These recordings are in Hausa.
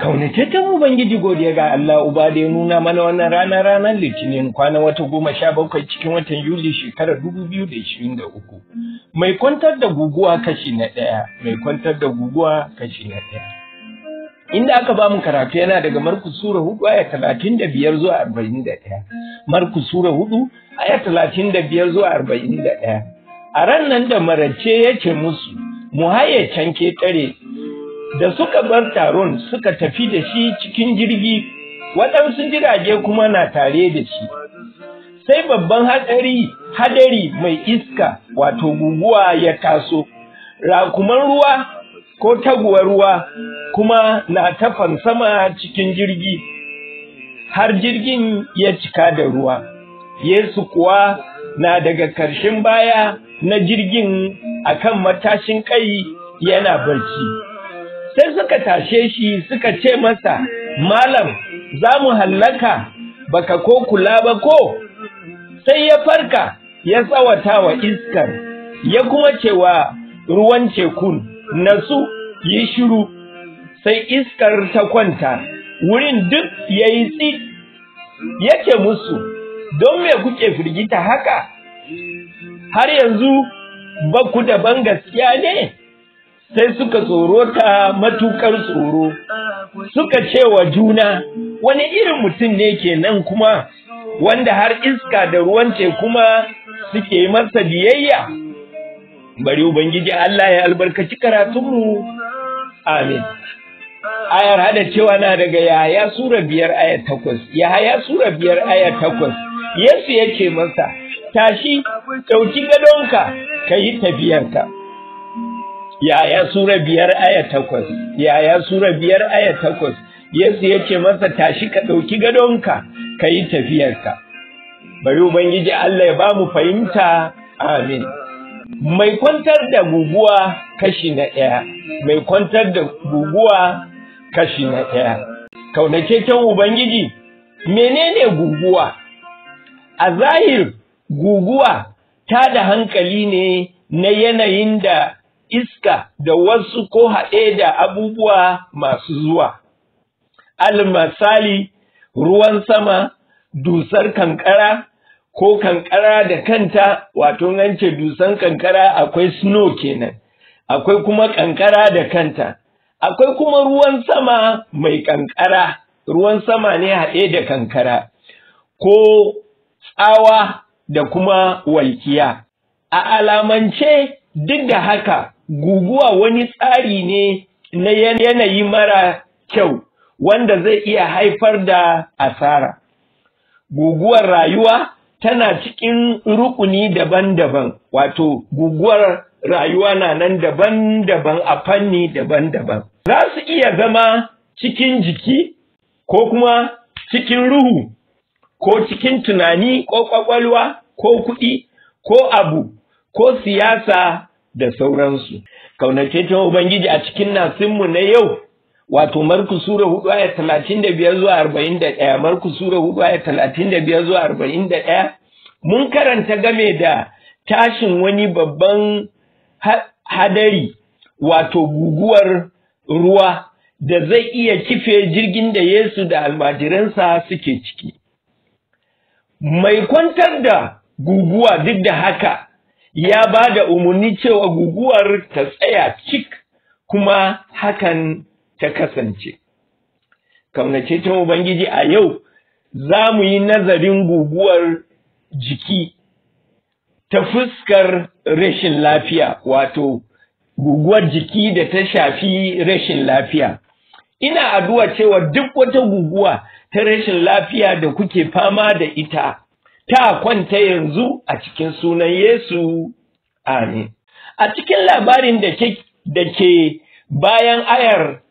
Kaunataccen Ubangiji godiya ga Allah Uba da ya nuna mana wannan rana ranar Litinin kwana wata goma sha bakwai cikin watan Yuli shekarar dubu biyu da ishirin da uku. Mai kwantar da guguwa kashi na ɗaya, mai kwantar da guguwa kashi na ɗaya. Inda aka ba mu karatu yana daga Markus Sura hudu aya talatin da biyar zuwa arba'in da ɗaya. Markus Sura hudu aya talatin da biyar zuwa arba'in da ɗaya. A ran nan da marace ya ce musu, mu haye can ke tare da suka bar taron suka tafi da shi cikin jirgi waɗansu jirage kuma na tare da shi sai babban hadari hadari mai iska wato guguwa ya taso rakuman ruwa ko taguwar ruwa kuma na tafan sama cikin jirgi har jirgin ya cika da ruwa yesu kuwa na daga ƙarshen baya na jirgin akan matashin kai yana barci. sai suka tashe shi suka ce masa malam za mu hallaka baka ko kula ba ko sai ya farka ya tsawata wa iskar ya kuma cewa ruwan cekun su yi shiru sai iskar ta kwanta wurin duk ya yi tsi ya musu don me kuke firgita haka har yanzu ba ku daban gaskiya ne sai suka tsorota matukar tsoro suka ce wa juna wani irin mutum ne ke nan kuma wanda har iska da ruwan ce kuma suke masa biyayya bari ubangiji Allah ya albarkaci karatunmu amin ayar hada cewa na daga yaya sura biyar aya takwas yaya sura biyar aya takwas yesu ya ce masa tashi ɗauki gadonka ka yi tafiyarka yaya sura biyar aya takwas yaya sura biyar aya takwas yesu ya ce masa tashi ka ɗauki gadonka ka yi tafiyarka bari ubangiji allah ya ba mu fahimta amin mai kwantar da guguwa kashi na ɗaya mai kwantar da guguwa kashi na ɗaya kaunakeken ubangiji menene guguwa a zahir guguwa ta da hankali ne na yanayin da iska da wasu ko haɗe da abubuwa masu zuwa. Almasali ruwan sama, dusar kankara ko kankara da kanta wato nan ce dusan kankara akwai snow kenan, akwai kuma kankara da kanta, akwai kuma ruwan sama mai kankara, ruwan sama ne haɗe da kankara, ko tsawa da kuma walkiya. A alamance duk da haka guguwa wani tsari ne na yanayi mara kyau wanda zai iya haifar da asara guguwar rayuwa tana cikin rukuni daban-daban wato guguwar rayuwa na nan daban-daban a fanni daban-daban za su iya zama cikin jiki ko kuma cikin ruhu ko cikin tunani ko kwakwalwa ko kuɗi ko abu ko siyasa da sauransu. ta Ubangiji a cikin nasinmu na yau, wato Marku Sura hudu aya talatin da biyar zuwa arba'in da ɗaya, Marku Sura hudu aya talatin da biyar zuwa arba'in da ɗaya, mun karanta game da tashin wani babban hadari, wato guguwar ruwa da zai iya kife jirgin da Yesu da almajiransa suke ciki. Mai kwantar da guguwa duk da haka ya ba da umarni cewa guguwar ta tsaya cik kuma hakan ta kasance. ta Ubangiji a yau za mu yi nazarin guguwar jiki ta fuskar rashin lafiya wato guguwar jiki da ta shafi rashin lafiya. Ina addu'a cewa duk wata guguwa ta rashin lafiya da kuke fama da ita ta kwanta yanzu a cikin sunan Yesu, amin. A cikin labarin da ke bayan ayar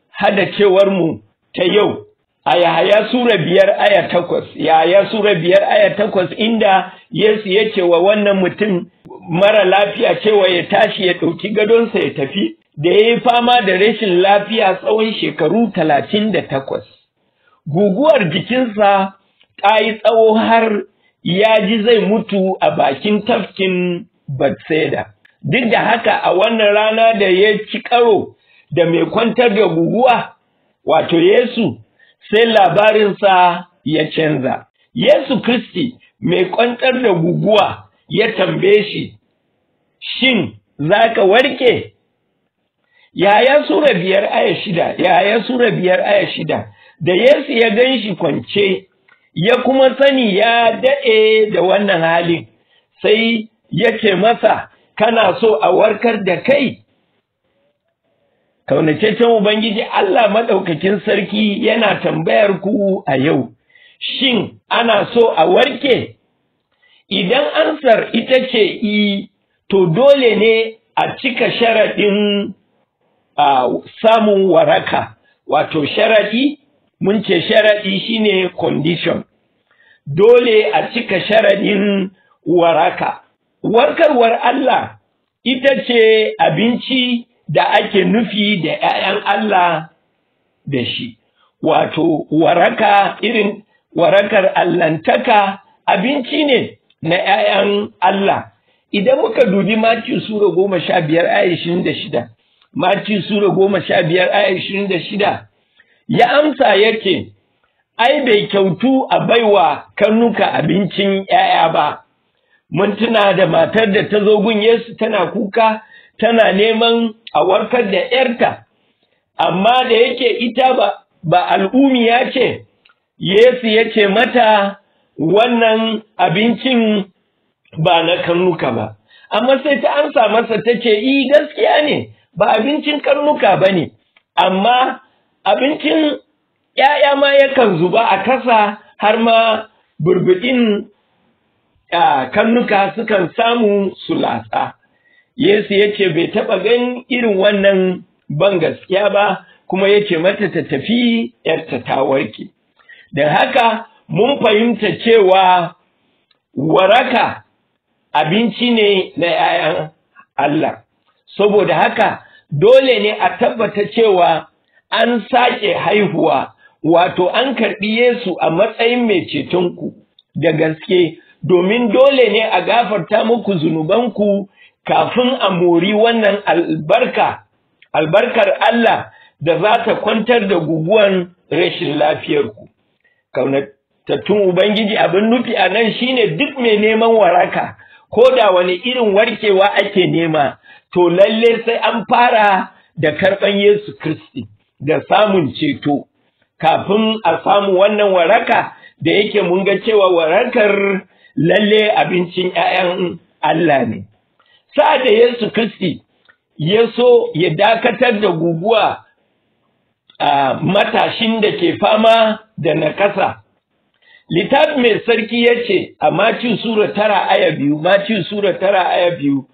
mu ta yau, a Yahaya Sura biyar aya takwas, Yahaya Sura biyar aya takwas inda Yesu ya ce wa wannan mutum mara lafiya cewa ya tashi ya ɗauki gadonsa ya tafi, da ya yi fama da rashin lafiya tsawon shekaru talatin da takwas. Guguwar jikinsa ta yi tsawo har ya ji zai mutu a bakin tafkin Batseda. Duk da haka a wannan rana da ya ci karo da mai kwantar da guguwa, wato Yesu, sai labarinsa ya canza. Yesu Kristi mai kwantar da guguwa ya tambaye shi, Shin za ka warke? Yaya Sura biyar aya shida, yaya Sura biyar aya shida, da Yesu ya gan shi kwance ya kuma sani ya daɗe da wannan halin sai ya ce masa kana so a warkar da kai kaunacecen ubangiji Allah maɗaukakin sarki yana tambayar ku a yau shin ana so a warke idan ansar ita ce i to dole ne a cika sharaɗin samun waraka wato sharaɗi mun ce sharaɗi shine condition dole a cika sharadin waraka warkarwar Allah ita ce abinci da ake nufi da ‘ya'yan Allah da shi, wato waraka irin warakar allantaka abinci ne na ‘ya'yan Allah. Idan muka dubi Mati Sura goma sha biyar da shida, Mati Sura goma sha biyar da shida, ya amsa yake ai bai kyautu a baiwa karnuka abincin ‘ya'ya ba, mun tuna da matar da ta zo gun Yesu tana kuka, tana neman a warkar da ‘yarta, amma da yake ita ba, ba ya ce, Yesu ya ce mata wannan abincin ba na karnuka ba, amma sai ta amsa masa ta ce, I gaskiya ne, ba abincin karnuka ba ne, amma abincin ‘ya'ya ma yakan zuba a ƙasa, har ma burbuɗin kannuka sukan samu su latsa. Yesu ya ce bai taɓa gan irin wannan ban gaskiya ba kuma ya ce mata ta tafi ‘yarta ta warke. Don haka mun fahimta cewa waraka abinci ne na ‘ya'yan Allah. Saboda haka dole ne a tabbata cewa an sake haihuwa wato an karɓi Yesu a matsayin mai cetonku da gaske domin dole ne a gafarta muku zunubanku kafin a mori wannan albarka albarkar Allah da za ta kwantar da guguwan rashin lafiyarku kaunatattun ubangiji abin nufi a nan shine duk mai neman waraka ko da wani irin warkewa ake nema to lalle sai an fara da karɓan Yesu Kiristi da samun ceto kafin a samu wannan waraka da yake mun ga cewa warakar lalle abincin ‘ya'yan Allah ne. Sa'ad da Yesu Kristi ya so ya dakatar da guguwa a matashin da ke fama da nakasa. Littafi mai sarki ya ce a Matthew Sura tara aya biyu, Matthew Sura tara aya biyu,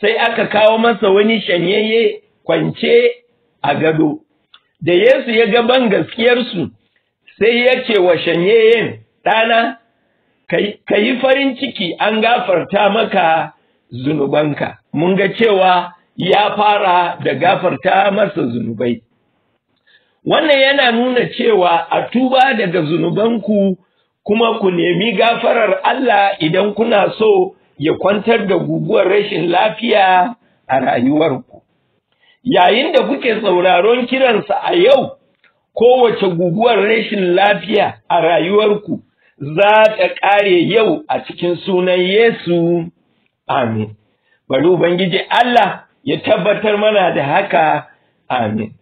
sai aka kawo masa wani shanyayye kwance a gado. da Yesu ya ga ban gaskiyarsu sai ya ce wa shanyeyen ɗana ka yi farin ciki an gafarta maka zunubanka mun ga cewa ya fara da gafarta masa zunubai wannan yana nuna cewa a tuba daga zunubanku kuma ku nemi gafarar Allah idan kuna so ya kwantar da guguwar rashin lafiya a rayuwarku yayin da kuke sauraron kiransa a yau kowace guguwar rashin lafiya a rayuwarku za ta ƙare yau a cikin sunan Yesu amin bari ubangiji Allah ya tabbatar mana da haka amin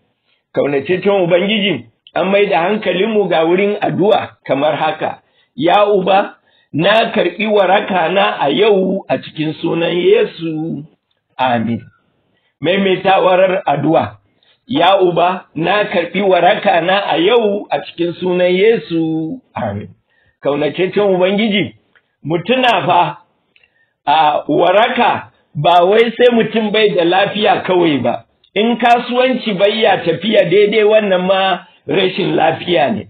kaunataccen ubangiji an mai da hankalinmu ga wurin addu'a kamar haka ya uba na karɓi waraka na a yau a cikin sunan Yesu amin maimaitawar addu'a ya uba na karɓi waraka na a yau a cikin sunan Yesu amin kaunataccen ubangiji mutuna fa a waraka ba wai sai mutum bai da lafiya kawai ba in kasuwanci bai ya tafiya daidai wannan ma rashin lafiya ne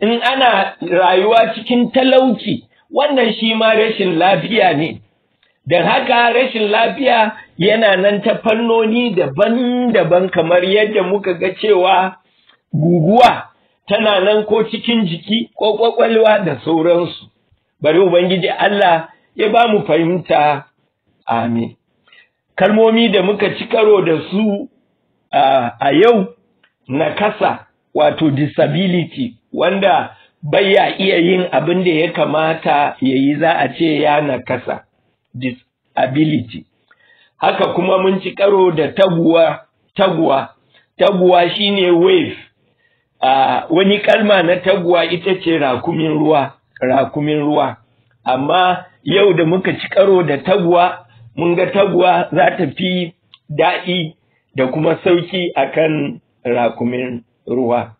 in ana rayuwa cikin talauci wannan shi ma rashin lafiya ne Don haka rashin lafiya yana nan ta fannoni daban-daban kamar yadda muka ga cewa guguwa tana nan ko cikin jiki ko kwakwalwa da sauransu. Bari Ubangiji Allah ya ba mu fahimta, amin. Kalmomi da muka ci karo da su a yau na kasa wato disability wanda bai iya yin abin da ya kamata ya yi za a ce ya na kasa. disability. Haka kuma mun ci karo da taguwa, taguwa, taguwa shine wave. Uh, wani kalma na taguwa ita ce rakumin ruwa, rakumin ruwa. Amma yau da muka ci karo da taguwa, mun ga taguwa za ta fi daɗi da kuma sauki akan rakumin ruwa.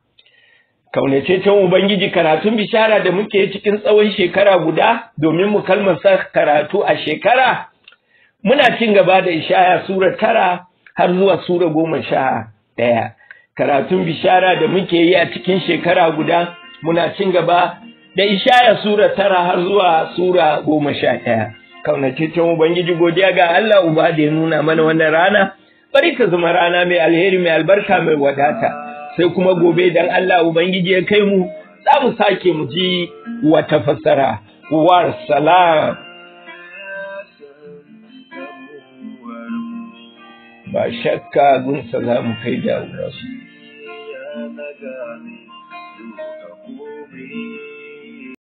kaunacecen Ubangiji karatun bishara da muke cikin tsawon shekara guda domin mu kalmasa karatu a shekara, muna cin gaba da ishaya Sura tara har zuwa Sura goma sha ɗaya. Karatun bishara da muke yi a cikin shekara guda muna cin gaba da ishaya Sura tara har zuwa Sura goma sha ɗaya. Kaunacecen Ubangiji godiya ga Allah Uba da ya nuna mana wannan rana, bari ta zama rana mai alheri mai albarka mai wadata. sai kuma gobe dan Allah Ubangiji ya kai mu za mu sake mu ji wata fassara war salam ba shakka gun za kai da wurasu